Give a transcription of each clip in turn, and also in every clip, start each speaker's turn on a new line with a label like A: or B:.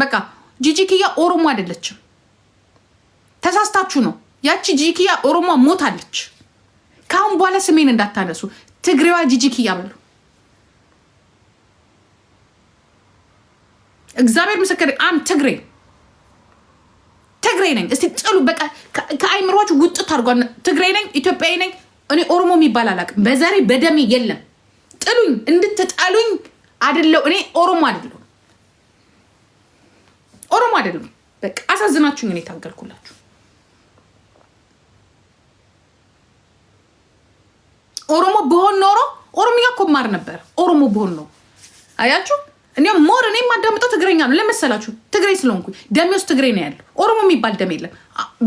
A: በቃ ጂጂክያ ኦሮሞ አይደለችም። ተሳስታችሁ ነው። ያቺ ጂጂክያ ኦሮሞ ሞታለች። ከአሁን በኋላ ስሜን እንዳታነሱ። ትግሬዋ ጂጂክያ በሉ። እግዚአብሔር ምስክር አም ትግሬ ትግሬ ነኝ። እስቲ ጥሉ በቃ ከአይምሯችሁ ውጥት አድርጓል። ትግሬ ነኝ፣ ኢትዮጵያዊ ነኝ። እኔ ኦሮሞ የሚባል አላውቅም። በዘሬ በደሜ የለም። ጥሉኝ፣ እንድትጠሉኝ አይደለው። እኔ ኦሮሞ አይደለሁ። ኦሮሞ አይደለም። በቃ አሳዝናችሁ እኔ ታገልኩላችሁ። ኦሮሞ በሆን ኖሮ ኦሮምኛ እኮ ማር ነበር። ኦሮሞ በሆን ነው። አያችሁ፣ እኔም ሞር እኔ የማዳምጠው ትግረኛ ነው። ለመሰላችሁ ትግሬ ስለሆንኩኝ ደሜ ውስጥ ትግሬ ነው ያለው። ኦሮሞ የሚባል ደም የለም።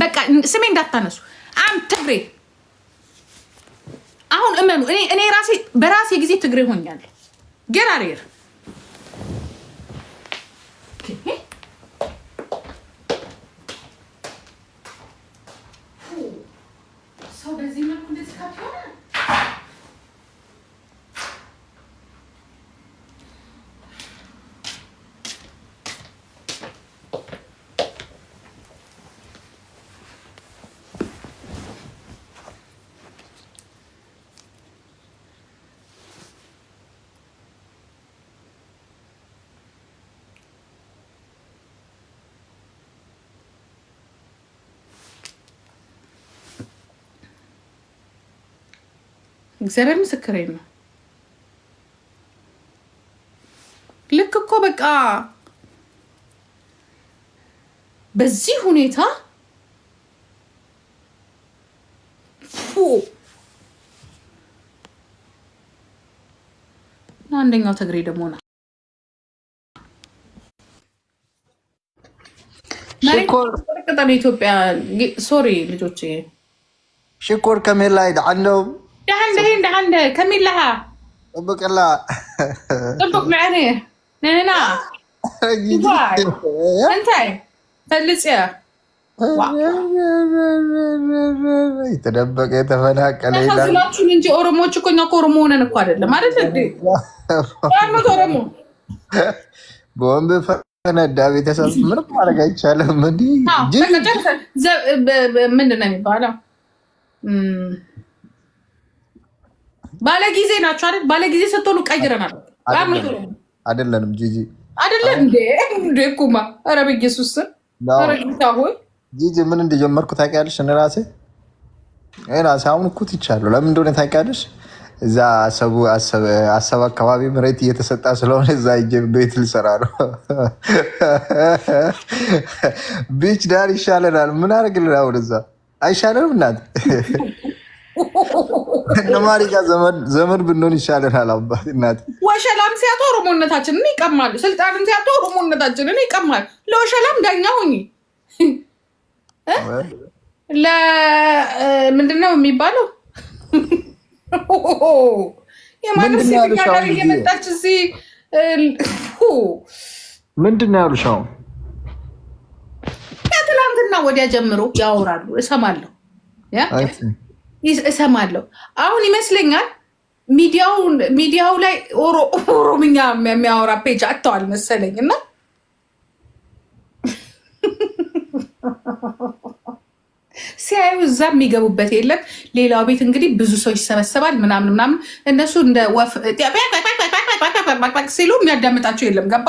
A: በቃ ስሜ እንዳታነሱ። አም ትግሬ አሁን እመኑ። እኔ ራሴ በራሴ ጊዜ ትግሬ ሆኛለሁ። ጌራሬር እግዚአብሔር ምስክሬን ነው። ልክ እኮ በቃ በዚህ ሁኔታ ፉ አንደኛው ተግሬ ደግሞ ና ቅጠል ኢትዮጵያ ሶሪ ልጆች
B: ሽኮር ከሜላ ይድ
A: ده عنده ده عنده كمل لها
B: طبق الله
A: طبق معاني لا
B: የተደበቀ የተፈናቀለ
A: ይላችሁን እንጂ ኦሮሞዎች እኮ እኛ እኮ ኦሮሞ ሆነን እኮ አይደለም አይደል ኦሮሞ
B: በወንብ ፈነዳ። ቤተሰብ ምንም ማድረግ አይቻልም። እንዲህ
A: ምንድን ነው የሚባለው? ባለጊዜ ናቸው አይደል? ባለጊዜ ስትሆኑ ቀይረናል።
B: አይደለንም ጂጂ
A: አይደለን እንዴ? እንዴ ኩማ ኧረ በኢየሱስ ስም ኧረ ጌታ ሆይ
B: ጂጂ ምን እንደጀመርኩ ታውቂያለሽ? እኔ ራሴ እኔ ራሴ አሁን እኮ ትቻለሁ። ለምን እንደሆነ ታውቂያለሽ? እዛ አሰቡ አሰብ አካባቢ መሬት እየተሰጣ ስለሆነ እዛ እጄ ቤት ልሰራ ነው። ቢች ዳር ይሻለናል። ምን አደርግልናል? እዛ አይሻለንም እናት ከነማሪ ጋር ዘመድ ብንሆን ይሻለናል። አባት እናት
A: ወሸላም ሲያቶ ኦሮሞነታችንን ይቀማሉ። ስልጣንም ሲያቶ ኦሮሞነታችንን ይቀማሉ። ለወሸላም ዳኛ ሁኝ። ለምንድን ነው የሚባለው? የማንም እየመጣች እዚህ
B: ምንድን ነው ያሉሽ? አሁን
A: ከትላንትና ወዲያ ጀምሮ ያወራሉ፣ እሰማለሁ እሰማለሁ። አሁን ይመስለኛል ሚዲያው ላይ ኦሮምኛ የሚያወራ ፔጅ አጥተዋል መሰለኝ እና ሲያዩ እዛ የሚገቡበት የለም። ሌላው ቤት እንግዲህ ብዙ ሰው ይሰበሰባል ምናምን ምናምን፣ እነሱ እንደ ወፍ ሲሉ የሚያዳምጣቸው የለም። ገባ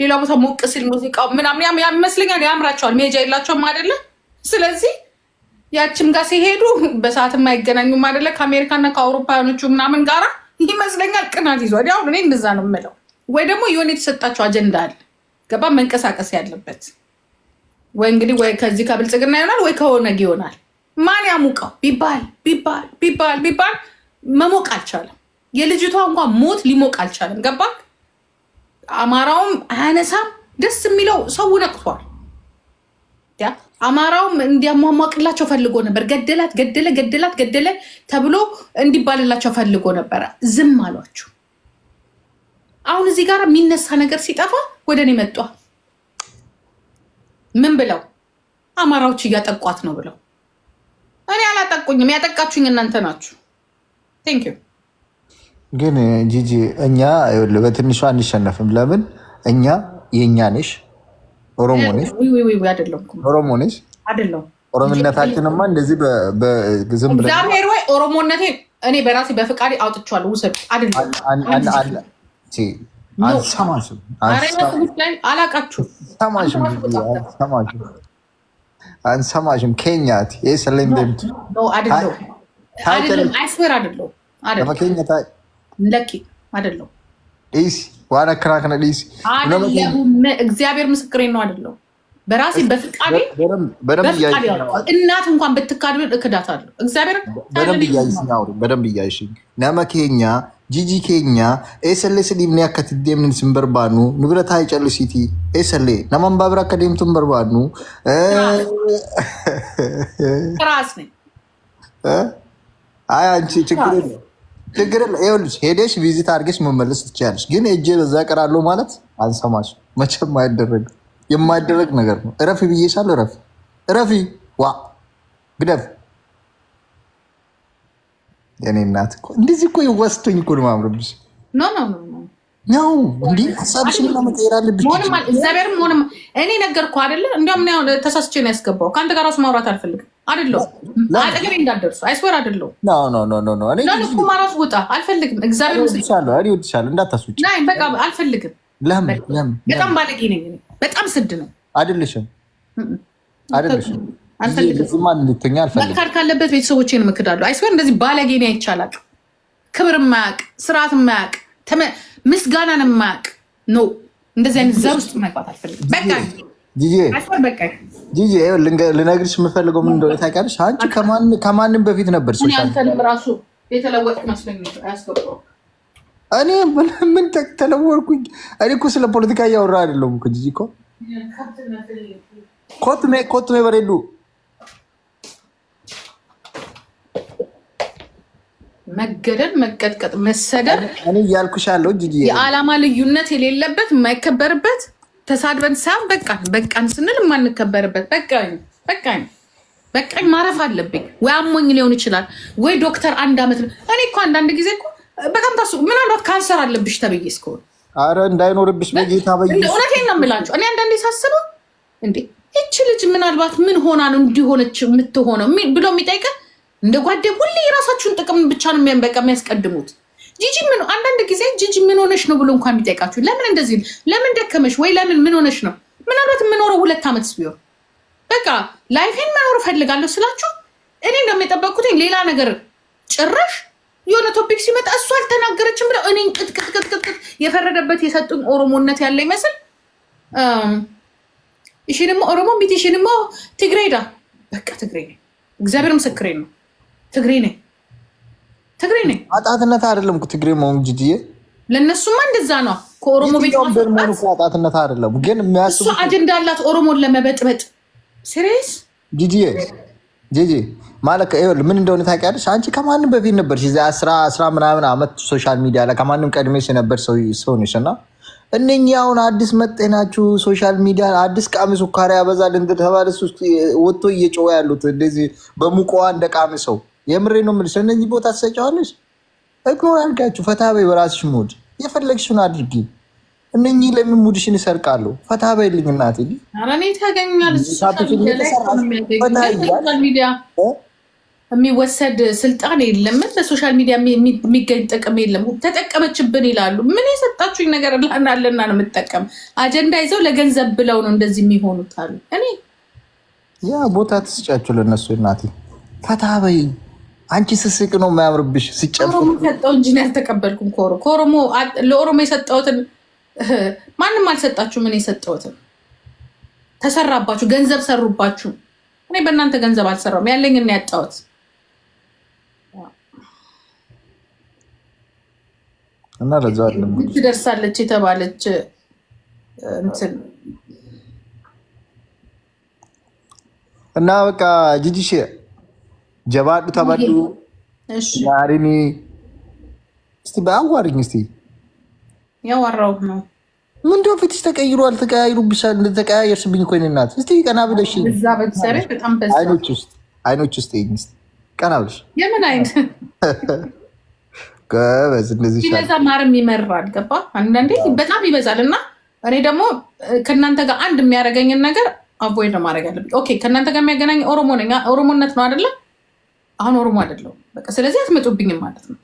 A: ሌላው ቦታ ሞቅ ሲል ሙዚቃው ምናምን ያ ይመስለኛል ያምራቸዋል። መሄጃ የላቸውም አይደለም ስለዚህ ያችም ጋር ሲሄዱ በሰዓት የማይገናኙ አይደለ? ከአሜሪካና ከአውሮፓውያኖቹ ምናምን ጋራ ይመስለኛል ቅናት ይዟል። ያው እኔ እንደዛ ነው የምለው። ወይ ደግሞ የሆነ የተሰጣቸው አጀንዳ አለ ገባ መንቀሳቀስ ያለበት ወይ እንግዲህ ወይ ከዚህ ከብልጽግና ይሆናል ወይ ከኦነግ ይሆናል። ማን ያሙቀው ቢባል ቢባል ቢባል ቢባል መሞቅ አልቻለም። የልጅቷ እንኳን ሞት ሊሞቅ አልቻለም። ገባ አማራውም አያነሳም። ደስ የሚለው ሰው ነቅቷል። አማራውም እንዲያሟሟቅላቸው ፈልጎ ነበር። ገደላት ገደለ ገደላት ገደለ ተብሎ እንዲባልላቸው ፈልጎ ነበረ። ዝም አሏችሁ። አሁን እዚህ ጋር የሚነሳ ነገር ሲጠፋ ወደ እኔ መጧ። ምን ብለው አማራዎች እያጠቋት ነው ብለው። እኔ አላጠቁኝም፣ ያጠቃችሁኝ እናንተ ናችሁ። ቴንክ
B: ግን ጂጂ እኛ በትንሿ አንሸነፍም። ለምን እኛ የእኛ ነሽ ኦሮሞ ነሽ? ኦሮሞ ነሽ? አይደለም። ኦሮምነታችንማ እንደዚህ ዝም ብለህ
A: እግዚአብሔር ወይ ኦሮሞነቴ እኔ በራሴ በፍቃድ አውጥቼዋለሁ። ውሰድ።
B: አንሰማሽም። ኬኛ ስለንደምት
A: አይስበር አይደለም። አይደለም። ለኬኛ አይደለም።
B: ዋና ክራክነ ሊሲ
A: እግዚአብሔር ምስክሬ ነው አይደለው በራሴ በፍቃዴ እናት እንኳን ብትካድ እክዳት አለሁ። እግዚአብሔር
B: በደንብ እያይሽኝ ነመ ኬኛ ጂጂ ኬኛ ኤሰሌ ስሊ ምንያከት ደምን ስንበርባኑ ንብረት አይጨል ሲቲ ኤሰሌ ነማን ባብራ ከደምቱን በርባኑ ራስ ነኝ። አይ አንቺ ችግር የለም ችግር የለም። ይኸውልሽ ሄደሽ ቪዚት አድርገሽ መመለስ ትችያለሽ። ግን እጄ በዛ ቀራሉ ማለት አንሰማሽ፣ መቼም አይደረግም። የማይደረግ ነገር ነው። እረፊ ብዬሻለሁ። እረፊ እረፊ፣ ዋ ግደፍ። የኔ እናት እንደዚህ እኮ ይወስቶኝ እኮ ነው ማምረብሽ ነው እንዲህ ሀሳብሽ ምና መቀየር አለብሽ።
A: እግዚአብሔር እኔ ነገርኩህ አይደለ? እንዲያውም ተሳስቼ ነው ያስገባው። ከአንተ ጋር እራሱ ማውራት አልፈልግም አይደለሁም አጠገቤ እንዳትደርሱ አይስወር አይደለሁም። እራሱ ውጣ አልፈልግም። ካለበት ቤተሰቦቼን እመክዳለሁ። አይስወር እንደዚህ ባለጌ ነኝ አይቻላል። ክብር የማያውቅ ስርዓት የማያውቅ ምስጋናን የማያውቅ ነው። እንደዚህ አይነት ዘር ውስጥ መግባት አልፈልግም።
B: በቃ በቃ ጂጂ ልነግርሽ የምፈልገው ምን እንደሆነ ታውቂያለሽ? አንቺ ከማንም በፊት ነበር ራሱ እኔ ምን ተለወርኩኝ? እኔ እኮ ስለ ፖለቲካ እያወራ አይደለሁም እኮ ጂጂ እኮ ኮትሜ ኮትሜ በሬሉ
A: መገደል፣ መቀጥቀጥ፣ መሰደር
B: እኔ እያልኩሻለሁ ጂጂ
A: የዓላማ ልዩነት የሌለበት የማይከበርበት ተሳድበን ሳይሆን በቃን በቃን ስንል የማንከበርበት በቃኝ በቃኝ በቃኝ ማረፍ አለብኝ ወይ አሞኝ ሊሆን ይችላል ወይ ዶክተር አንድ ዓመት እኔ እኮ አንዳንድ ጊዜ እኮ በጣም ታስ ምናልባት ካንሰር አለብሽ ተብዬ እስከሆነ
B: አረ እንዳይኖርብሽ በጌታ በ
A: እውነቴን ነው የምላቸው እኔ አንዳንዴ ሳስበው እንዴ ይቺ ልጅ ምናልባት ምን ሆና ነው እንዲሆነች የምትሆነው ብሎ የሚጠይቀ እንደ ጓደ ሁሌ የራሳችሁን ጥቅም ብቻ ነው በቃ የሚያስቀድሙት ጂጂ ምን አንዳንድ ጊዜ ጂጂ ምን ሆነሽ ነው ብሎ እንኳን የሚጠይቃችሁ ለምን እንደዚህ ለምን ደከመሽ ወይ ለምን ምን ሆነሽ ነው? ምናልባት የምኖረው ሁለት ዓመት ቢሆን በቃ ላይፌን መኖር እፈልጋለሁ ስላችሁ እኔ እንደሚጠበቅኩትኝ ሌላ ነገር ጭራሽ የሆነ ቶፒክ ሲመጣ እሱ አልተናገረችም ብለው እኔን ቅጥቅጥቅጥቅጥ የፈረደበት የሰጡኝ ኦሮሞነት ያለ ይመስል ይሽንማ ኦሮሞ ቢት ይሽንማ ትግሬዳ በቃ ትግሬ ነኝ። እግዚአብሔር ምስክሬ ነው። ትግሬ ነኝ። ትግሬ ነኝ።
B: አጣትነት አይደለም ትግሬ መሆን ጅጅዬ፣
A: ለእነሱማ እንደዛ ነው። ከኦሮሞ
B: ቤት አጣትነት አይደለም ግን
A: እሱ አጀንዳ አላት ኦሮሞን ለመበጥበጥ ሲሪየስ
B: ጅጅዬ ጂጂ ማለት ምን እንደሆነ ታውቂያለሽ? አንቺ ከማንም በፊት ነበርሽ። እዚያ አስራ አስራ ምናምን አመት ሶሻል ሚዲያ ላይ ከማንም ቀድሜሽ የነበር ሰው ነሽ እና እነኚህ አሁን አዲስ መጤናችሁ ሶሻል ሚዲያ አዲስ ቃሚ ሱካሪ ያበዛል እንደተባለ ወጥቶ እየጮኸ ያሉት እንደዚህ በሙቀዋ እንደ ቃሚ ሰው የምሬ ነው የምልሽ። እነዚህ ቦታ ትሰጫዋለሽ። እግኖር አልጋችሁ ፈታ በይ። በራስሽ ሙድ የፈለግሽን አድርጊ። እነኚህ ለምን ሙድሽን ይሰርቃሉ? ፈታ በይልኝ እናቴ።
A: የሚወሰድ ስልጣን የለም። ለሶሻል ሚዲያ የሚገኝ ጥቅም የለም። ተጠቀመችብን ይላሉ። ምን የሰጣችሁኝ ነገር ላናለና ነው የምጠቀም። አጀንዳ ይዘው ለገንዘብ ብለው ነው እንደዚህ የሚሆኑት አሉ። እኔ
B: ያ ቦታ ትስጫችሁ ለነሱ እናቴ ፈታ በይ። አንቺ ስስቅ ነው የማያምርብሽ። ሲጨምር
A: ኦሮሞ ሰጠው እንጂ ያልተቀበልኩም ከኦሮ ከኦሮሞ ለኦሮሞ የሰጠውትን ማንም አልሰጣችሁ። ምን የሰጠውትን ተሰራባችሁ፣ ገንዘብ ሰሩባችሁ። እኔ በእናንተ ገንዘብ አልሰራም፣ ያለኝን ነው ያጣሁት። እና ለዛ ትደርሳለች የተባለች እንትን
B: እና በቃ ጅጅሽ ጀባዱ ተበዱ ናሪኒ እስቲ በአዋሪኝ እስቲ
A: ያዋራው ነው።
B: ምንድን ፊትሽ ተቀይሯል? ተቀያይሩብሻል። እንደተቀያየርሽብኝ እኮ እናት። እስቲ ቀና ብለሽ አይኖች ውስጥ ቀና ብለሽ የምን አይን በዝ እንደዚህ ይበዛ
A: ማርም ይመራል። ገባ አንዳንዴ በጣም ይበዛል እና እኔ ደግሞ ከእናንተ ጋር አንድ የሚያደርገኝን ነገር አቮይድ ነው ማድረግ ያለብኝ። ኦኬ ከእናንተ ጋር የሚያገናኝ ኦሮሞ ነኝ። ኦሮሞነት ነው አይደለም አሁን ኦሮሞ አይደለሁም። በቃ ስለዚህ አትመጡብኝም ማለት ነው።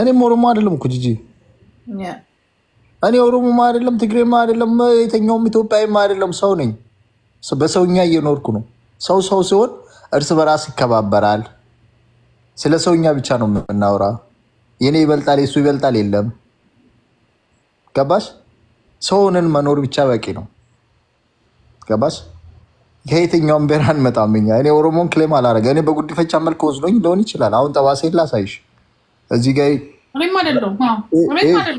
B: እኔም ኦሮሞ አይደለም እኮ ጂጂ፣ እኔ ኦሮሞ አይደለም፣ ትግሬማ አይደለም፣ የተኛውም ኢትዮጵያዊም አይደለም። ሰው ነኝ። በሰውኛ እየኖርኩ ነው። ሰው ሰው ሲሆን እርስ በራስ ይከባበራል። ስለ ሰውኛ ብቻ ነው የምናወራ። የኔ ይበልጣል የሱ ይበልጣል የለም። ገባሽ? ሰውንን መኖር ብቻ በቂ ነው። ገባሽ? የየትኛውን ብሔር አንመጣም እኔ ኦሮሞን ክሌም አላረገ እኔ በጉዲፈቻ መልክ ወስዶኝ ሊሆን ይችላል። አሁን ጠባሴን ላሳይሽ እዚህ ጋ
A: ወላይታ እዚህ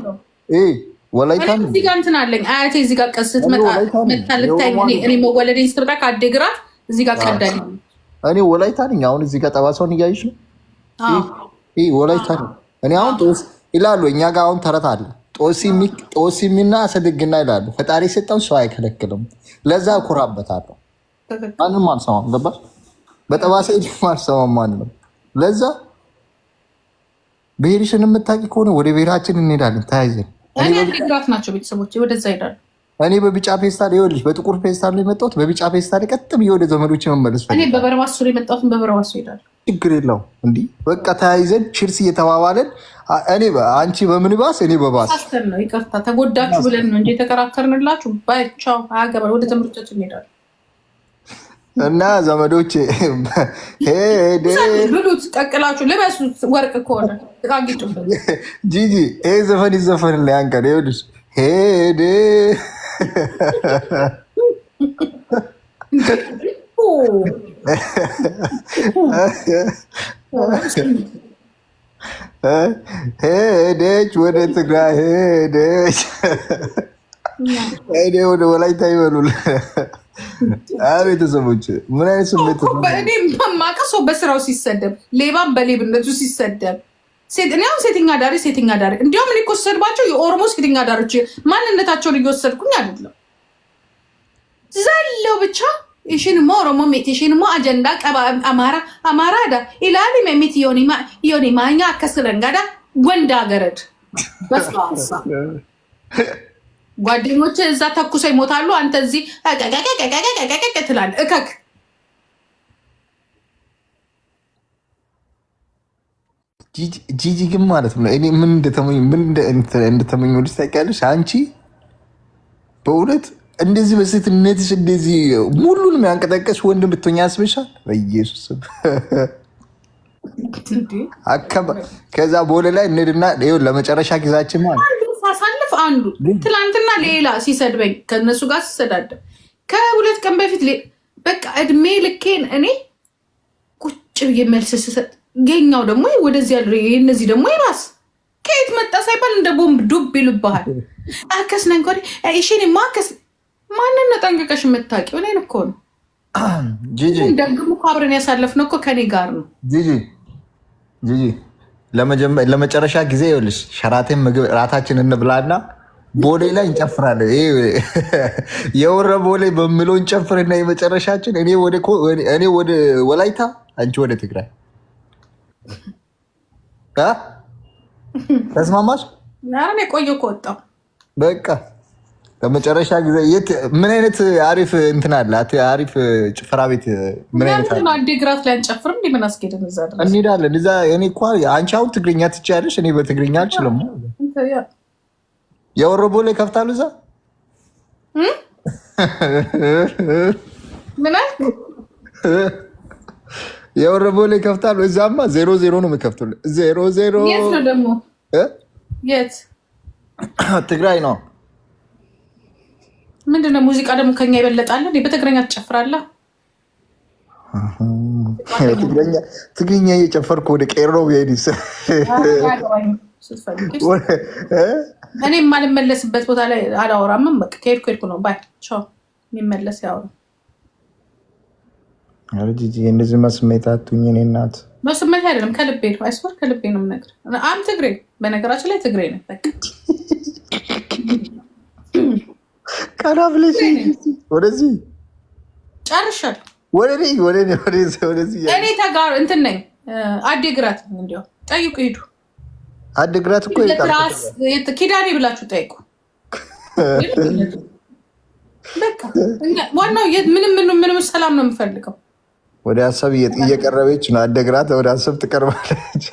B: እኔ ወላይታ ነኝ። አሁን እዚህ ጋ ጠባሰውን እያይሽ ነው። ወላይታ ነኝ እኔ አሁን ይላሉ እኛ ጋር አሁን ተረት አለ ጦሲሚና ስድግና ይላሉ። ፈጣሪ ሰጠው ሰው አይከለክልም። ለዛ እኮራበታለሁ። ማንም አልሰማም። ገባሽ? በጠባሴ ሄድ አልሰማም ማንም። ለዛ ብሄርሽን የምታውቂ ከሆነ ወደ ብሄራችን እንሄዳለን ተያይዘን።
A: ግራት ናቸው ቤተሰቦች ወደዛ ይሄዳሉ።
B: እኔ በቢጫ ፌስታል ይኸውልሽ፣ በጥቁር ፌስታል ነው የመጣሁት። በቢጫ ፌስታል ቀጥ ብዬ ወደ ዘመዶች መመለስ
A: እኔ በበረባሱ ነው የመጣሁት። በበረባሱ እሄዳለሁ።
B: ችግር የለው። እንዲህ በቃ ተያይዘን ችርስ እየተባባለን እኔ አንቺ በምን ባስ እኔ በባስ
A: ነው። ይቅርታ ተጎዳችሁ ብለን ነው እንጂ የተከራከርንላችሁ። ባይቻው አገባ ወደ ዘመዶቻችን እንሄዳለን።
B: እና ዘመዶች
A: ብሉት፣ ቀቅላችሁ ልበሱት። ወርቅ ከሆነ
B: ጂጂ ይህ ዘፈን ይዘፈን ላይ አንቀን ይኸውልሽ፣ ሄድ ሄደች፣ ወደ ትግራይ ሄደች እኔ ወደ ወላይታ ይበሉል። ቤተሰቦች ምን አይነት ስሜት
A: እኔ ማቀ ሰው በስራው ሲሰደብ፣ ሌባም በሌብነቱ ሲሰደብ እኔ አሁን ሴተኛ ዳሪ ሴተኛ ዳሪ እንዲሁም እኔ እኮ ስሰድባቸው የኦሮሞ ሴተኛ ዳሪዎች ማንነታቸውን እየወሰድኩኝ አይደለም ዘለው ብቻ ኢሽንሞ ኦሮሞ ሜት ኢሽንሞ አጀንዳ ቀባ አማራ አማራ ዳ ኢላሊ ሜሚት ዮኒ ማኛ አከስረንጋዳ ወንድ አገረድ በስፋሳ ጓደኞች እዛ ተኩሰው ይሞታሉ። አንተ እዚህ ትላለህ። እከክ
B: ጂጂ ግን ማለት ነው እኔ ምን እንደተመኝ ወደ ታውቂያለሽ? አንቺ በእውነት እንደዚህ በሴትነትሽ እንደዚህ ሙሉን ያንቀጠቀሽ ወንድ ብትሆኝ ያስበሻል። በኢየሱስ ከዛ በሆነ ላይ እንድና ለመጨረሻ ጊዜያችን ማለት
A: ሳሳልፍ አንዱ ትላንትና ሌላ ሲሰድበኝ ከነሱ ጋር ሲሰዳደብ ከሁለት ቀን በፊት በቃ እድሜ ልኬን እኔ ቁጭ ብዬ መልስ ስሰጥ ገኛው ደግሞ ወደዚህ ያሉ እነዚህ ደግሞ ይራስ ከየት መጣ ሳይባል እንደ ቦምብ ዱብ ይልባሃል። አከስ ነን ይሽን ማከስ ማንን ነው ጠንቅቀሽ የምታውቂው? እኔን እኮ ነው ጂጂ። ደግሞ አብረን ያሳለፍነው እኮ ከኔ ጋር ነው
B: ጂጂ ጂጂ ለመጨረሻ ጊዜ ይኸውልሽ ሸራቴን ምግብ ራታችን እንብላና ቦሌ ላይ እንጨፍራለን። የወረ ቦሌ በምለው እንጨፍርና የመጨረሻችን እኔ ወደ ወላይታ፣ አንቺ ወደ ትግራይ ተስማማሽ?
A: ቆየ ከወጣው
B: በቃ በመጨረሻ ጊዜ የት ምን አይነት አሪፍ እንትን አለ? አሪፍ ጭፈራ ቤት
A: ምን አይነት አለ? አዲግራት ላይ አንጨፍርም? ምን አስኬድን? እዛ
B: ድረስ እንሄዳለን። እዛ እኔ እኮ አንቺ አሁን ትግርኛ ትችያለሽ፣ እኔ በትግርኛ አልችልም። የወረቦ ላይ ከፍታሉ። እዛ ምን የወረቦ ላይ ከፍታሉ። እዛማ ዜሮ ዜሮ ነው የሚከፍቱል። ዜሮ ዜሮ
A: የት ነው ደግሞ? የት ትግራይ ነው ምንድነው? ሙዚቃ ደግሞ ከኛ ይበለጣል። በትግረኛ ትጨፍራለህ?
B: ትግርኛ እየጨፈርኩ ወደ ቄሮ ብሄድስ
A: እኔ የማልመለስበት ቦታ ላይ አላወራምም። በቃ ከሄድኩ ሄድኩ ነው ባይ ቻው። የሚመለስ ያወራ
B: እንደዚህ መስሜት አቱኝ እኔ እናት
A: መስሜት አይደለም ከልቤ ነው። አይስበር ከልቤ ነው የምነግርህ። አም ትግሬ በነገራችን ላይ ትግሬ ነበር
B: ቀና ብለሽ ወደዚህ ጨርሻለሁ። ወደ ወደዚህ
A: እኔ ተጋሩ እንትን ነኝ። አዴግራት እንዲያው ጠይቁ ሂዱ። አዴግራት እኮ ኪዳኔ ብላችሁ ጠይቁ። በቃ ዋናው ምንም ምንም ሰላም ነው የምፈልገው።
B: ወደ ሀሳብ እየቀረበች ነው። አደግራት ወደ ሀሳብ ትቀርባለች።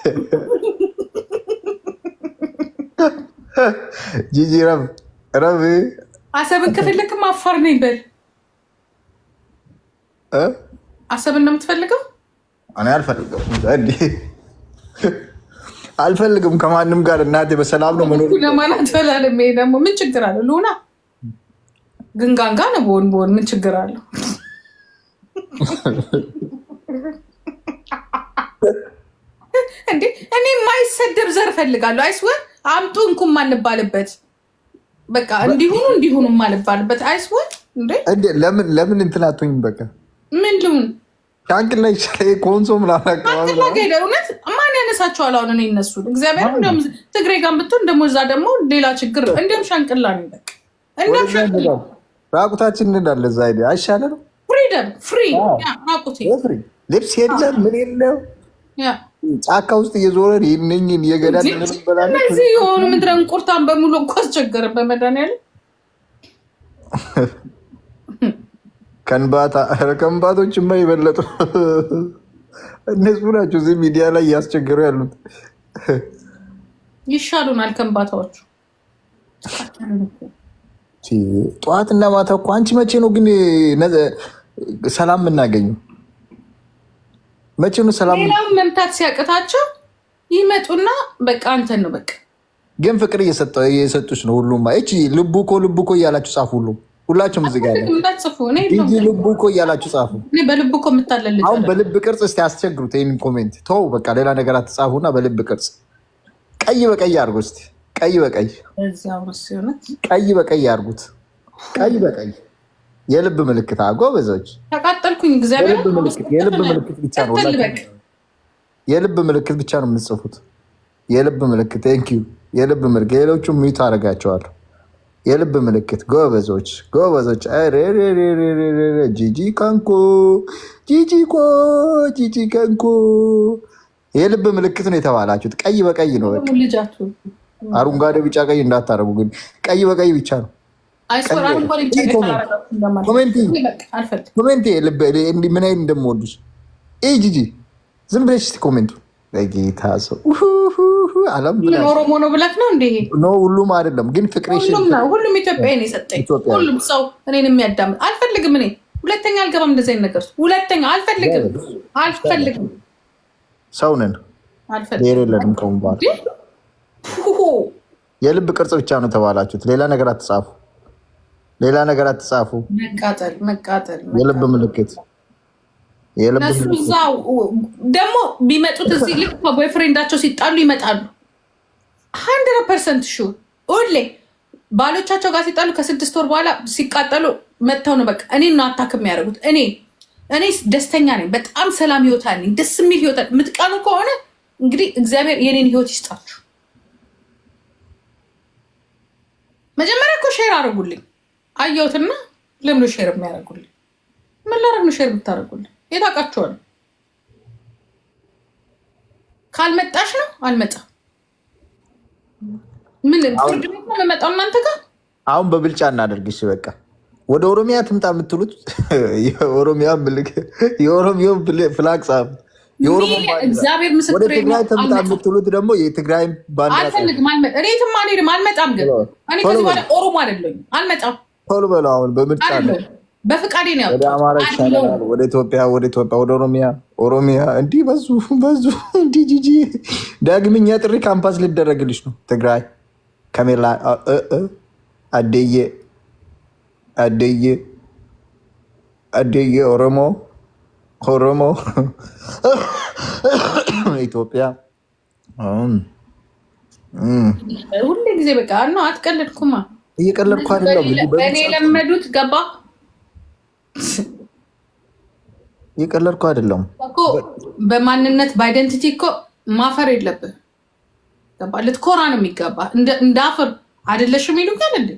B: ጂጂ ረብ ረብ
A: አሰብን ከፈለክ አፋር ነኝ በል። አሰብን ነው የምትፈልገው?
B: እኔ አልፈልግም፣ አልፈልግም ከማንም ጋር እናቴ፣ በሰላም ነው መኖር።
A: ለማለት በላለም። ይሄ ደግሞ ምን ችግር አለ? ሉና ግንጋንጋ ነው በሆን በሆን ምን ችግር አለው? እንዴ እኔ የማይሰደብ ዘር ፈልጋለሁ። አይስወ አምጡ እንኩ ማንባልበት በቃ እንዲሁኑ እንዲሁኑ አልባልበት አይስቦን
B: ለምን ለምን እንትላቱኝ በቃ ምን ልሁን ላይ ይሻለ ኮንሶ ምናምን
A: እውነት ማን ያነሳቸዋል? አሁን እኔ እነሱን እግዚአብሔር እንደም ትግሬ ጋር ብትሆን ደግሞ እዛ ደግሞ ሌላ ችግር እንዲሁም ሻንቅላ ነው በቃ
B: እንደም ሻንቅላ ራቁታችን እንዳለ እዛ ሄደ አይሻለ ነው
A: ፍሪደም ፍሪ ራቁቴ
B: ልብስ የለም ምን የለው ጫካ ውስጥ እየዞረ ይህንኝን የገዳ
A: እነዚህ የሆኑ ምድረ ቁርታን በሙሉ እኮ አስቸገረ። በመድኃኒዓለም
B: ከንባታ ከንባቶችማ ይበለጡ እነሱ ናቸው እዚህ ሚዲያ ላይ እያስቸገሩ ያሉት።
A: ይሻሉናል ከንባታዎቹ።
B: ጠዋትና ማታ እኮ አንቺ መቼ ነው ግን ሰላም የምናገኘው? መቼ ነው ሰላም?
A: ሌላውን መምታት ሲያቅታቸው ይመጡና በቃ አንተን ነው በቃ
B: ግን ፍቅር እየሰጡች ነው። ሁሉም እቺ ልቡ እኮ ልቡ እኮ እያላችሁ ጻፉ። ሁሉም ሁላችሁም እዚህ ጋር ልቡ እኮ እያላችሁ ጻፉ።
A: በልብ እኮ የምታለልጅ
B: አሁን በልብ ቅርጽ እስኪ አስቸግሩት። ይህን ኮሜንት ተው በቃ ሌላ ነገር አትጻፉና በልብ ቅርጽ ቀይ በቀይ አድርጎ እስኪ ቀይ በቀይ ቀይ በቀይ አርጉት። ቀይ በቀይ የልብ ምልክት ጎበዞች፣
A: ተቃጠልኩኝ። እግዚአብሔር
B: የልብ ምልክት ብቻ ነው የልብ ምልክት ብቻ ነው የምንጽፉት። የልብ ምልክት ንዩ የልብ ምልክት። ሌሎቹ ሚቱ አደርጋቸዋለሁ። የልብ ምልክት ጎበዞች፣ ጎበዞች። ጂጂ ከንኩ፣ ጂጂ ኮ ጂጂ ከንኩ። የልብ ምልክት ነው የተባላችሁት። ቀይ በቀይ ነው። አረንጓዴ፣ ቢጫ፣ ቀይ እንዳታደርጉ ግን ቀይ በቀይ ብቻ ነው። ኮሜንቴ ምን አይነት እንደምወዱስ ይህ ጂጂ ዝም ብለሽ ኮሜንቱ በጌታ ሰው ኦሮሞ ነው ነው ሁሉም አይደለም ግን ፍቅሬሽን
A: ሁሉም ኢትዮጵያዊ ነው የሰጠኝ። ሁሉም ሰው እኔን የሚያዳምጥ አልፈልግም። እኔ ሁለተኛ አልገባም እንደዚህ አይነት ነገር ሁለተኛ አልፈልግም፣ አልፈልግም።
B: ሰው ነን ከሙባል የልብ ቅርጽ ብቻ ነው የተባላችሁት። ሌላ ነገር አትጻፉ። ሌላ ነገር አትጻፉ።
A: መቃጠል መቃጠል
B: የልብ ምልክት
A: እነሱ እዛው ደግሞ ቢመጡት እዚህ ልክ ቦይፍሬንዳቸው ሲጣሉ ይመጣሉ። ሀንድረድ ፐርሰንት ሹ ሁሌ ባሎቻቸው ጋር ሲጣሉ ከስድስት ወር በኋላ ሲቃጠሉ መጥተው ነው በቃ እኔ ነው አታክ የሚያደርጉት። እኔ እኔ ደስተኛ ነኝ። በጣም ሰላም ህይወት አለኝ። ደስ የሚል ህይወት የምትቀኑ ከሆነ እንግዲህ እግዚአብሔር የኔን ህይወት ይስጣችሁ። መጀመሪያ እኮ ሼር አድርጉልኝ አየሁትና ለምን ሼር የሚያደርጉልኝ ምን ላደርግ ነው? ሼር የምታደርጉልኝ የታውቃቸዋል። ካልመጣሽ ነው አልመጣ ምን ፍርድ እናንተ ጋር።
B: አሁን በብልጫ እናደርግ። እናደርግሽ በቃ ወደ ኦሮሚያ ትምጣ የምትሉት የኦሮሚያ ምልክ የኦሮሚያ ፍላግ ጻፍ
A: እግዚአብሔር ምስክሬ
B: ትግራይ ትምጣ የምትሉት ደግሞ የትግራይ
A: ባንዲራ አልፈልግም። አልመጣም፣ ግን እኔ ከዚህ በኋላ ኦሮሞ አይደለሁም። አልመጣም
B: ቶሎ በለው። አሁን በምርጫ ነው
A: በፍቃዴ ነው።
B: ወደ አማራ ይሻለናል፣ ወደ ኢትዮጵያ፣ ወደ ኢትዮጵያ፣ ወደ ኦሮሚያ፣ ኦሮሚያ። እንዲህ በዙ በዙ። እንዲህ ጂጂ፣ ዳግምኛ ጥሪ ካምፓስ ሊደረግልሽ ነው። ትግራይ ከሜላ አደየ አደየ አደየ ኦሮሞ ኦሮሞ ኢትዮጵያ
A: ሁሌ ጊዜ በቃ አትቀልድኩማ
B: እየቀለድኩ አይደለም።
A: እኔ የለመዱት ገባ
B: እየቀለድኩ አይደለም
A: እኮ በማንነት በአይደንቲቲ እኮ ማፈር የለብህ። ገባ ልትኮራ ነው የሚገባ። እንዳፈር አፈር አይደለሽም ይሉኛል እንዴ